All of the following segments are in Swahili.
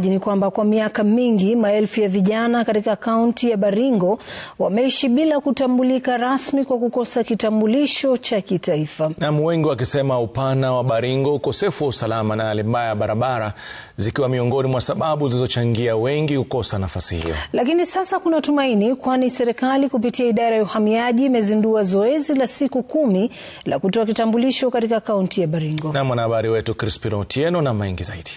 Ni kwamba kwa miaka mingi maelfu ya vijana katika kaunti ya Baringo wameishi bila kutambulika rasmi kwa kukosa kitambulisho cha kitaifa. Naam, wengi wakisema upana wa Baringo, ukosefu wa usalama na hali mbaya ya barabara zikiwa miongoni mwa sababu zilizochangia wengi kukosa nafasi hiyo. Lakini sasa kuna tumaini, kwani serikali kupitia idara ya uhamiaji imezindua zoezi la siku kumi la kutoa kitambulisho katika kaunti ya Baringo. Na mwanahabari wetu Crispin Otieno na mengi zaidi.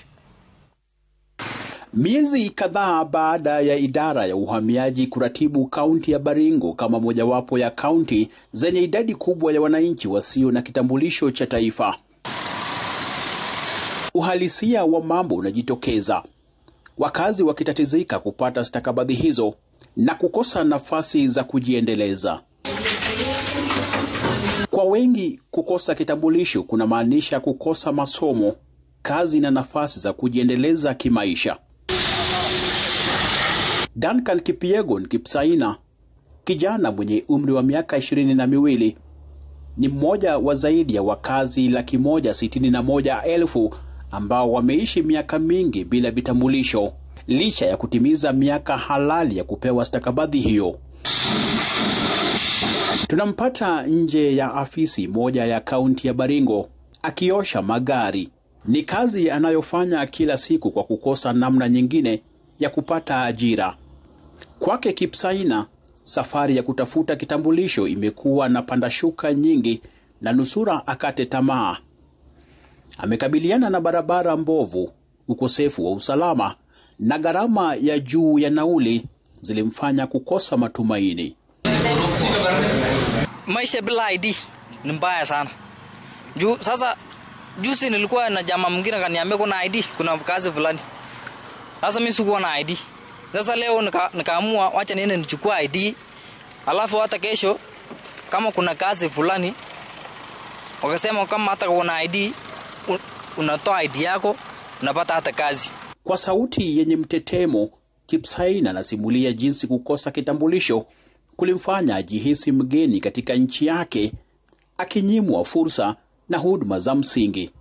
Miezi kadhaa baada ya idara ya uhamiaji kuratibu kaunti ya Baringo kama mojawapo ya kaunti zenye idadi kubwa ya wananchi wasio na kitambulisho cha taifa, uhalisia wa mambo unajitokeza, wakazi wakitatizika kupata stakabadhi hizo na kukosa nafasi za kujiendeleza. Kwa wengi, kukosa kitambulisho kunamaanisha kukosa masomo, kazi na nafasi za kujiendeleza kimaisha. Duncan Kipiegon Kipsaina, kijana mwenye umri wa miaka ishirini na miwili, ni mmoja wa zaidi ya wakazi laki moja sitini na moja elfu ambao wameishi miaka mingi bila vitambulisho licha ya kutimiza miaka halali ya kupewa stakabadhi hiyo. Tunampata nje ya afisi moja ya kaunti ya Baringo akiosha magari. Ni kazi anayofanya kila siku kwa kukosa namna nyingine ya kupata ajira. Kwake Kipsaina, safari ya kutafuta kitambulisho imekuwa na pandashuka nyingi na nusura akate tamaa. Amekabiliana na barabara mbovu, ukosefu wa usalama na gharama ya juu ya nauli zilimfanya kukosa matumaini. Maisha bila ID ni mbaya sana juu. Sasa juzi nilikuwa na jamaa mwingine kaniambia kuna ID, kuna kazi fulani. Sasa mimi sikuwa na ID. Sasa leo nikaamua nika wacha niende nichukua ID, alafu hata kesho kama kuna kazi fulani wakasema kama hata kuna ID unatoa ID yako unapata hata kazi. Kwa sauti yenye mtetemo, Kipsain anasimulia jinsi kukosa kitambulisho kulimfanya ajihisi mgeni katika nchi yake, akinyimwa fursa na huduma za msingi.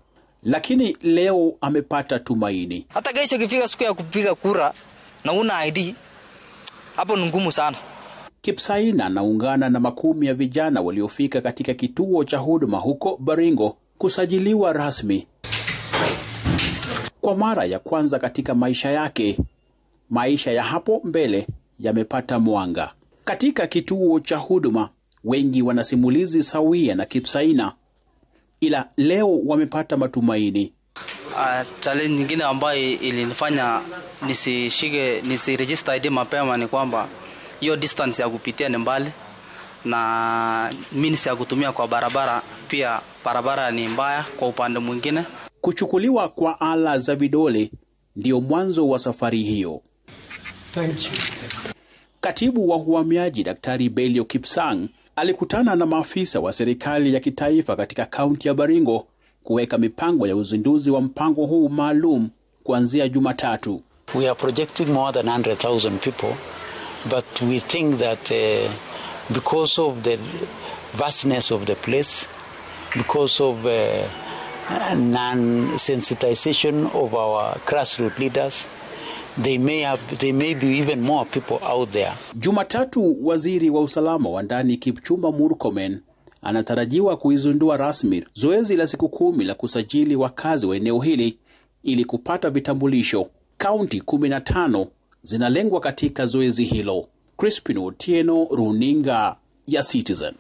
Lakini leo amepata tumaini. Hata kesho kifika siku ya kupiga kura na una ID, hapo ni ngumu sana. Kipsaina anaungana na makumi ya vijana waliofika katika kituo cha huduma huko Baringo kusajiliwa rasmi kwa mara ya kwanza katika maisha yake. Maisha ya hapo mbele yamepata mwanga. Katika kituo cha huduma, wengi wanasimulizi sawia na Kipsaina, ila leo wamepata matumaini. Uh, challenge nyingine ambayo ilinifanya nisishike nisiregister ID mapema ni kwamba hiyo distance ya kupitia ni mbali na minsi ya kutumia kwa barabara pia barabara ni mbaya kwa upande mwingine. Kuchukuliwa kwa ala za vidole ndio mwanzo wa safari hiyo. Thank you. Katibu wa uhamiaji Daktari Belio Kipsang alikutana na maafisa wa serikali ya kitaifa katika kaunti ya Baringo kuweka mipango ya uzinduzi wa mpango huu maalum kuanzia Jumatatu. We are projecting more than 100,000 people but we think that uh, because of the vastness of the place because of uh, non-sensitization of our grassroots leaders They may have, they may be even more people out there. Jumatatu, waziri wa usalama wa ndani Kipchumba Murkomen anatarajiwa kuizundua rasmi zoezi la siku kumi la kusajili wakazi wa eneo hili ili kupata vitambulisho. Kaunti 15 zinalengwa katika zoezi hilo. Crispin Otieno, runinga ya Citizen.